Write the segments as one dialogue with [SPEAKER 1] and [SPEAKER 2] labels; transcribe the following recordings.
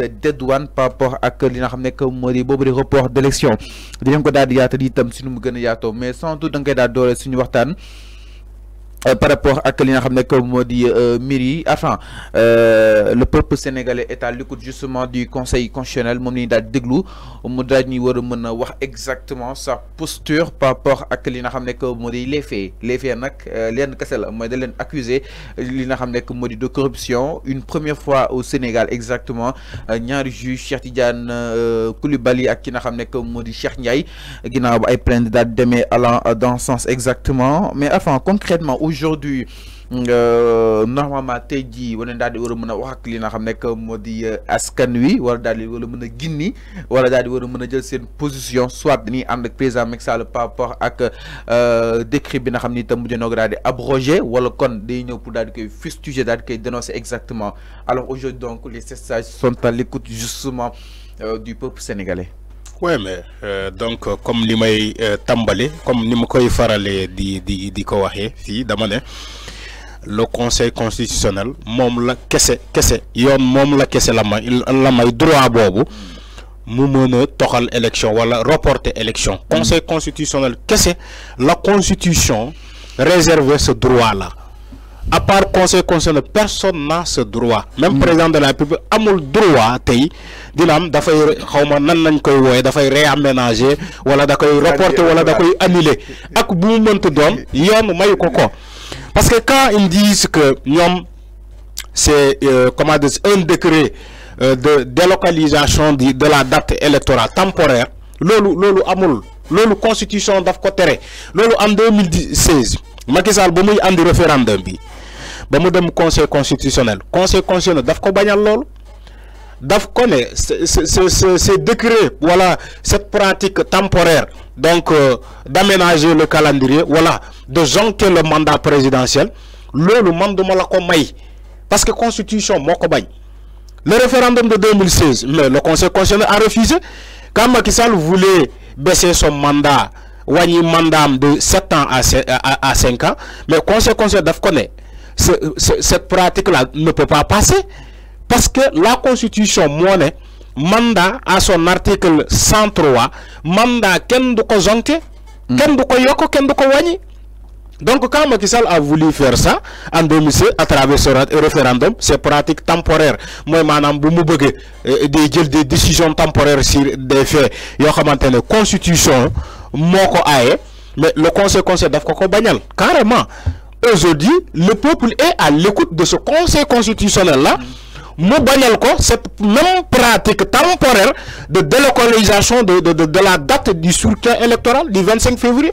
[SPEAKER 1] des douanes par rapport à que que comme report d'élection si mu dit, mais sans doute euh, par rapport à ce que xam ne euh, enfin euh, le peuple sénégalais est à l'écoute justement du conseil constitutionnel mon nom est daal déglu mu daal exactement sa posture par rapport à ce que xam ne dit, les faits les faits nag leen kese de corruption une première fois au Sénégal exactement ñaari juge Cheikh Tidiane Koulibaly, ak ki nga xam ne Cheikh Ndiaye ay plainte daal demee allant dans sens exactement mais enfin concrètement aujourd'hui euh, normalement tey jii wane daal di war a wax ak li nga xam nekk moo di euh, askan wi wala daal di war a a wala daal di war a jël sen position soit ni ànd ak président Macky par rapport ak euh, décret bi nga xamni tam itam mujj na di abrogé wala kon day ñëw pour daal di koy fustiger daal di koy dénoncer exactement alors aujourd'hui donc les sages sont à l'écoute justement du peuple sénégalais
[SPEAKER 2] oui mais euh, donc euh, comme li euh, tambalé comme ni ma koy faralee di di di ko waxee fii dama né le conseil constitutionnel mom la kessé kessé yone mom la kessé la may la may droit bobu mu meuna a toxal élection wala reporter élection mm. conseil constitutionnel kessé la constitution réserver ce droit là à part conseil concerne, personne n'a ce droit même mm. président de la république amul droit tey dina am dafay xaw ma nan nañ koy wooye dafay réaménager wala da koy reporter wala da koy annuler ak bu mu mënti doon yoon mayu ko parce que quand ils disent que ñoom c'est euh, comment un décret euh, de délocalisation de la date électorale temporaire loolu loolu amul loolu constitution daf ko tere loolu en 2016 Macky Sall ba muy andi référendum bi le conseil constitutionnel conseil constitutionnel c'est décret voilà cette pratique temporaire donc euh, d'aménager le calendrier voilà de jonquer le mandat présidentiel le mandat la parce que constitution le référendum de 2016 le conseil constitutionnel a refusé quand Macky Sall voulait baisser son mandat wañi mandat de 7 ans à 5 ans mais conseil constitutionnel daf ko cette pratique-là ne peut pas passer parce que la constitution monnaie mandat à son article 103 mandat ken du ko jonté hmm. ken du yoko ken du donc quand Macky a voulu faire ça en 2006 à travers ce référendum c'est pratique temporaire moi maintenant beaucoup de bëggee euh, de jël des décisions temporaires sur des faits yoo xamante une constitution moo ko mais le conseil conseil daf ko carrément aujourd'hui, le peuple est à l'écoute de ce conseil constitutionnel-là. mon cette même pratique temporaire de délocalisation de la date du soutien électoral du 25 février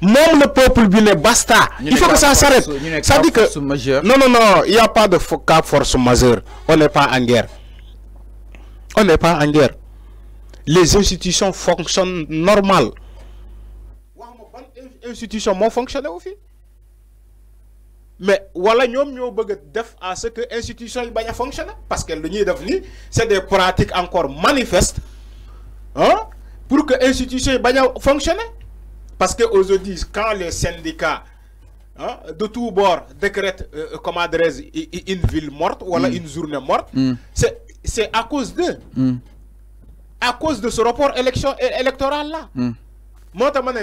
[SPEAKER 2] Même le peuple il basta. il faut que ça s'arrête ça dit que non non non il n'y a pas de cas force majeure on n'est pas en guerre on n'est pas en guerre les institutions fonctionnent normalement mais voilà nous ñoo bëgg à ce que institution fonctionne. parce que le nid d'avenir, c'est des pratiques encore manifestes hein pour que institution fonctionne parce que aujourd'hui quand les syndicats hein, de tous bords décrètent euh, euh, comme adresse une ville morte wala mm. une journée morte mm. c'est c'est à cause de mm. à cause de ce rapport élection électoral là Moi, je ma voilà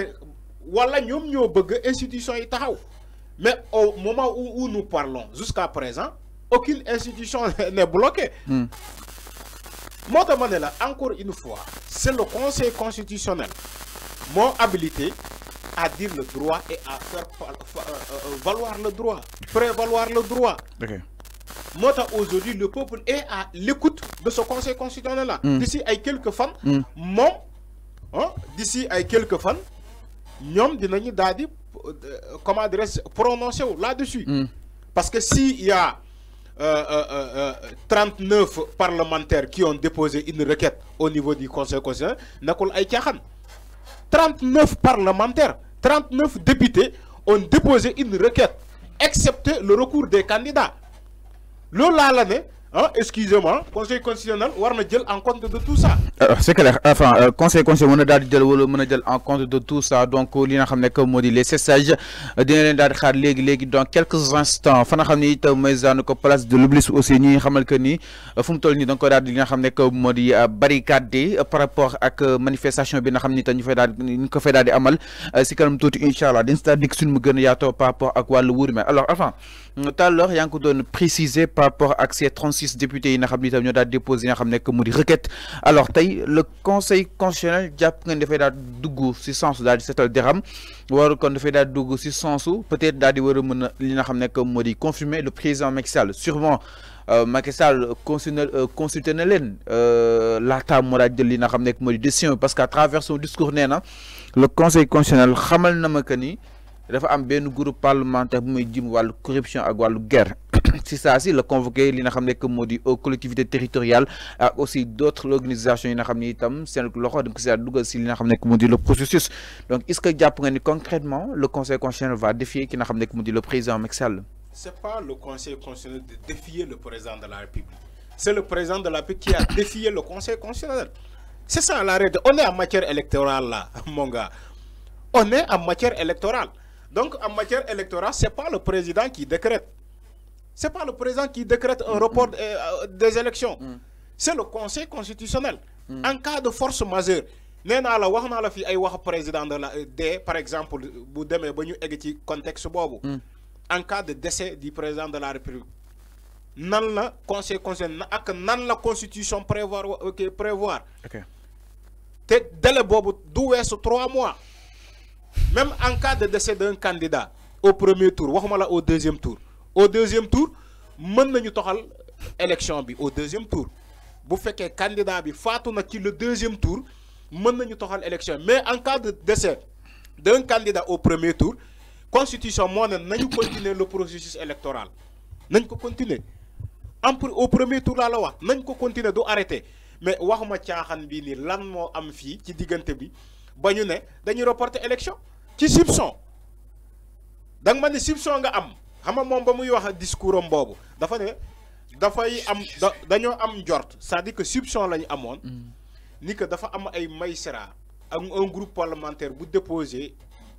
[SPEAKER 2] wala ñoom ñoo bëgg institution yi taxaw mais au moment où, nous parlons, jusqu'à présent, aucune institution n'est bloquée. Mm. encore une fois, c'est le Conseil constitutionnel, mon habilité à dire le droit et à faire euh, euh, valoir le droit, prévaloir le droit. Okay. aujourd'hui, le peuple est à l'écoute de ce conseil constitutionnel-là. Hmm. D'ici à quelques femmes, mon, hein, d'ici à quelques femmes, nous avons dit euh, comment adresse prononcer là-dessus. Mm. Parce que s'il y a 39 euh, euh, parlementaires qui ont déposé une requête au niveau du Conseil constitutionnel, 39 parlementaires, 39 députés ont déposé une requête, excepté le recours des candidats. Le là, ah, excusez-moi, Conseil constitutionnel, on en compte de tout ça.
[SPEAKER 1] Euh, c'est clair enfin euh, conseil conseil mon a daal di jël wala mën a en compte de tout ça donc li nga xamné que modi les sages euh, dina leen daal di xaar léegi léegi dans quelques instants fa nga xam te itam may ko place de l'oubli aussi ñi xamal que ni fum mu toll nii da nga koy li nga xam que modi barricade par rapport ak manifestation bi nga xam te ñu fay daal ñu ko fay daal di amal ci kanam tout inshallah allah dina si daal suñu mu gën a yaatoo par rapport ak walu wuur mais alors enfin tout à l'heure yaa ko doon préciser par rapport ak ces 36 députés yi nga xam ne itam ñoo daal nga xamné que modi requête alors tey le conseil constitutionnel jàpp ngeen dafay daal dugg si sens daal di seetal deram waru kon dafay daal dugg si sensu peut-être daal di war a mën li confirmer le président Macky Sall sûrement euh, Macky Sall euh, consulté na moral de moo daal jël li décision parce qu'à travers son discours n'est le conseil constitutionnel xamal na ma que ni dafa am benn groupe parlementaire bu muy jëm wàllu corruption ak wàllu guerre. C'est ça si le convoqué li nga xamné que aux euh, collectivités territoriales aussi d'autres organisations yi nga xam ne c'est le loxo donc c'est à li le processus donc est ce que concrètement le conseil constitutionnel va défier le président Macky Ce
[SPEAKER 2] n'est pas le conseil constitutionnel de défier le président de la république C'est le président de la république qui a défié le conseil constitutionnel C'est ça la on est en matière électorale là mon gars on est en matière électorale donc en matière électorale ce n'est pas le président qui décrète n'est pas le président qui décrète un report euh, des élections. Mm. C'est le Conseil constitutionnel. Mm. En cas de force majeure, la président de la par exemple contexte mm. en cas de décès du président de la république. nan la conseil constitutionnel, nan la constitution prévoir ok prévoir. te délai boobu ce trois mois. même en cas de décès d'un candidat au premier tour au deuxième tour au deuxième tour nous nañu toxal élection l'élection au deuxième tour bu un candidat bi faatu le deuxième tour nous nañu toxal l'élection mais en cas de décès d'un candidat au premier tour la constitution nous avons continué continuer le processus électoral nous ko continuer au premier tour nous la loi, nañ ko continuer du arrêter mais waxuma caaxaan bii dit lan moo am fii ci diggante bi ba élection ci ma xam discours dafa am am ni que dafa am ay un groupe parlementaire bu déposé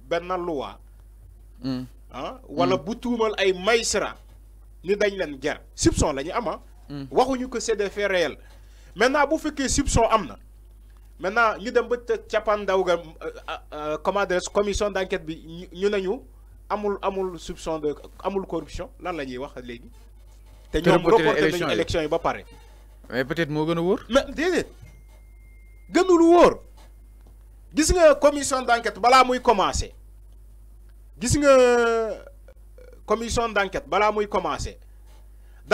[SPEAKER 2] benn loi. Mm. ah wala mm. bu tuumal ay ni dañ leen lañu am ah. mm. waxuñu que c'est des faits réels maintenant bu fekkee maintenant dem euh, euh, euh, commission d'enquête bi ñu amul amul soupçon de amul corruption lan lañuy wax léegi. té ñoom reporté élection yi ba paré
[SPEAKER 1] mais peut-être mo gëna
[SPEAKER 2] a mais dédé gënul wóor gis nga commission d'enquête bala muy commencer gis nga euh, commission d'enquête bala muy commencer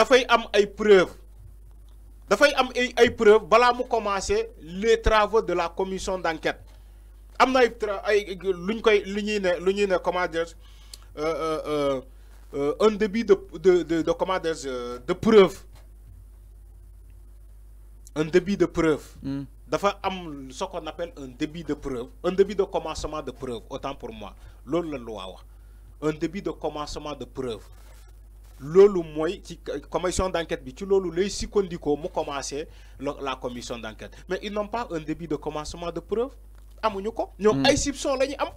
[SPEAKER 2] fay am ay preuves fay am ay ay preuves bala mu commencer les travaux de la commission d'enquête am na ay ay luñ koy lu ne comment dire. Euh euh, euh, euh, un débit de, de, de, de, comment euh, de preuve. Un débit de preuve. Mm. dafa am ce qu'on appelle un débit de preuve un débit de commencement de preuve autant pour moi loolu la loi un débit de commencement de preuve lolo moy qui commission d'enquête bi ci loolu lay sukkandikoo mu commencer la commission d'enquête mais ils n'ont pas un débit de commencement de preuve amuñu ko ñoom hmm. ay soupçon la am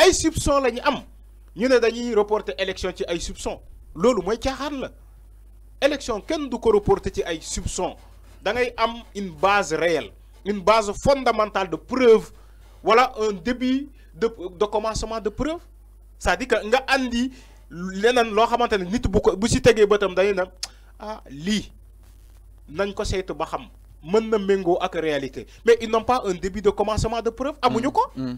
[SPEAKER 2] ay soupçon lañu am ñu ne dañuy reporter élection ci ay soupçon lolu moy caaxaan la élection kenn du ko reporter ci ay soupçon da ngay am une base réelle une base fondamentale de preuve Voilà un début de de commencement de preuve c'est-à-dire que nga andi leneen lo xamante nit bu bu si tegee dit, ah li, nañ ko saytu ba xam mën na ak réalité mais ils n'ont pas un début de commencement de preuve amuñu mm, ko mm.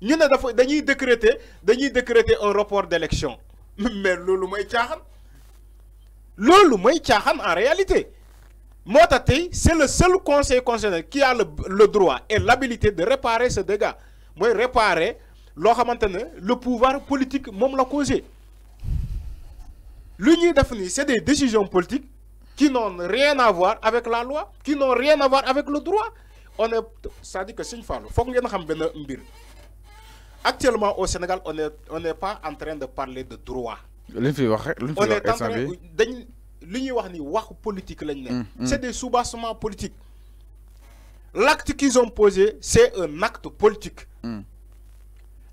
[SPEAKER 2] Nous avons décrété, dañuy décréter décréter un report d'élection mais n'est pas caaxaan loolu en réalité moo c'est le seul conseil constitutionnel qui a le droit et l'habilité de réparer ce dégât Moi, réparer le pouvoir politique qui la causé lu ñuy c'est des décisions politiques qui n'ont rien à voir avec la loi qui n'ont rien à voir avec le droit on que, cest dit que c'est une que ngeen xam benn mbir actuellement au Sénégal on n'est pas en train de parler de droit.
[SPEAKER 1] On est en train
[SPEAKER 2] politique mm, mm. c'est des soubassements politiques. l'acte qu'ils ont posé c'est un acte politique. Mm.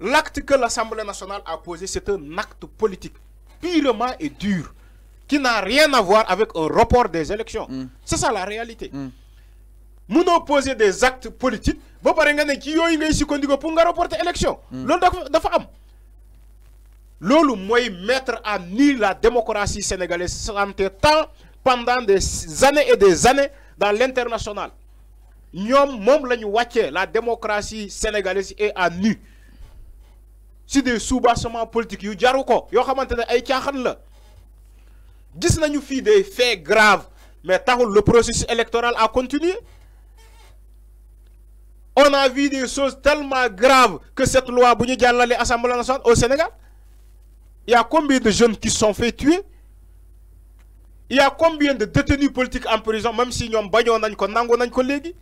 [SPEAKER 2] l'acte que l'Assemblée nationale a posé c'est un acte politique purement et dur qui n'a rien à voir avec un report des élections. c'est ça la réalité nous opposer des actes politiques ba pare nga ne ci yoy ngay sukkandiku pour nga reporter élection. Hmm. lolu dafa am. lolu moy mettre à nu la démocratie sénégalaise pendant des années et des années dans l'international Nous mom nous waccé la démocratie sénégalaise est à nu si des soubassements politiques yu jaru ko yo xamantene nous ay tiaxan la gis nañu des faits graves mais le processus électoral a continué on a vu des choses tellement graves que cette loi, l'Assemblée nationale au Sénégal, il y a combien de jeunes qui sont fait tuer Il y a combien de détenus politiques en prison, même si nous avons des collègues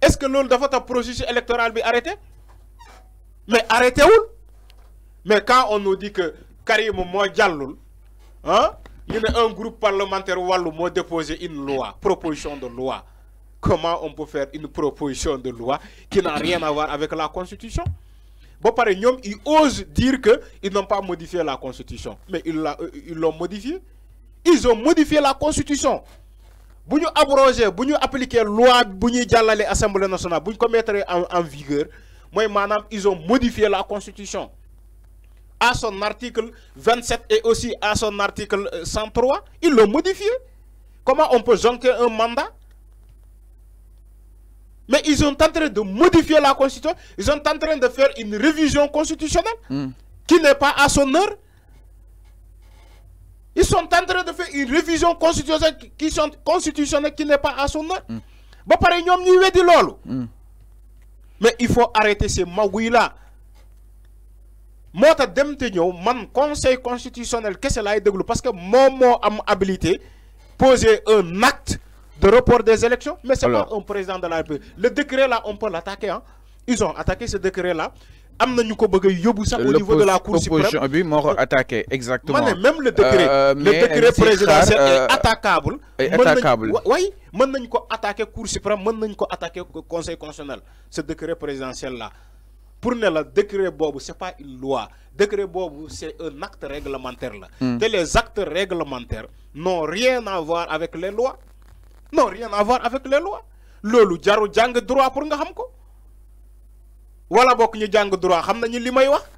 [SPEAKER 2] Est-ce que l'on doit un processus électoral arrêté Mais arrêtez où Mais quand on nous dit que Karim hein, il y a un groupe parlementaire qui a déposé une loi, proposition de loi comment on peut faire une proposition de loi qui n'a rien à voir avec la Constitution Bon, par exemple, ils osent dire qu'ils n'ont pas modifié la Constitution. Mais ils euh, l'ont modifié. Ils ont modifié la Constitution. Si nous abroger si la loi, si nous à l'Assemblée nationale, mettre en, vigueur, moi, madame, ils ont modifié la Constitution. À son article 27 et aussi à son article 103, euh, ils l'ont modifié. Comment on peut jonquer un mandat mais ils sont en train de modifier la constitution. Ils sont en train de faire une révision constitutionnelle hmm. qui n'est pas à son heure. Ils sont en train de faire une révision constitutionnelle qui, constitutionnelle qui n'est pas à son heure. Hmm. Hmm. Mais il faut arrêter ces magouilles-là. Moi, je conseil constitutionnel, qu'est-ce que c'est Parce que moi mot a habilité poser un acte de report des élections. Mais c'est pas un président de la République. Le décret-là, on peut l'attaquer. Hein. Ils ont attaqué ce décret-là. Amna ko bëgg yobbu sax au niveau de la Cour suprême.
[SPEAKER 1] bi moko euh, attaqué exactement. Mané même le décret, euh, euh, le décret présidentiel est attaquable. Est attaquable. Oui,
[SPEAKER 2] mën nañ ko attaquer Cour suprême, mën nañ ko attaquer Conseil constitutionnel. Ce décret présidentiel là. Pour ne le décret bobu c'est pas une loi. Décret bobu c'est un acte réglementaire là. Hmm. Et les actes réglementaires n'ont rien à voir avec les lois. Non, rien à voir avec les lois Lolo jaru jang droit pour nga xam ko wala bok ñu jang droit xam nañu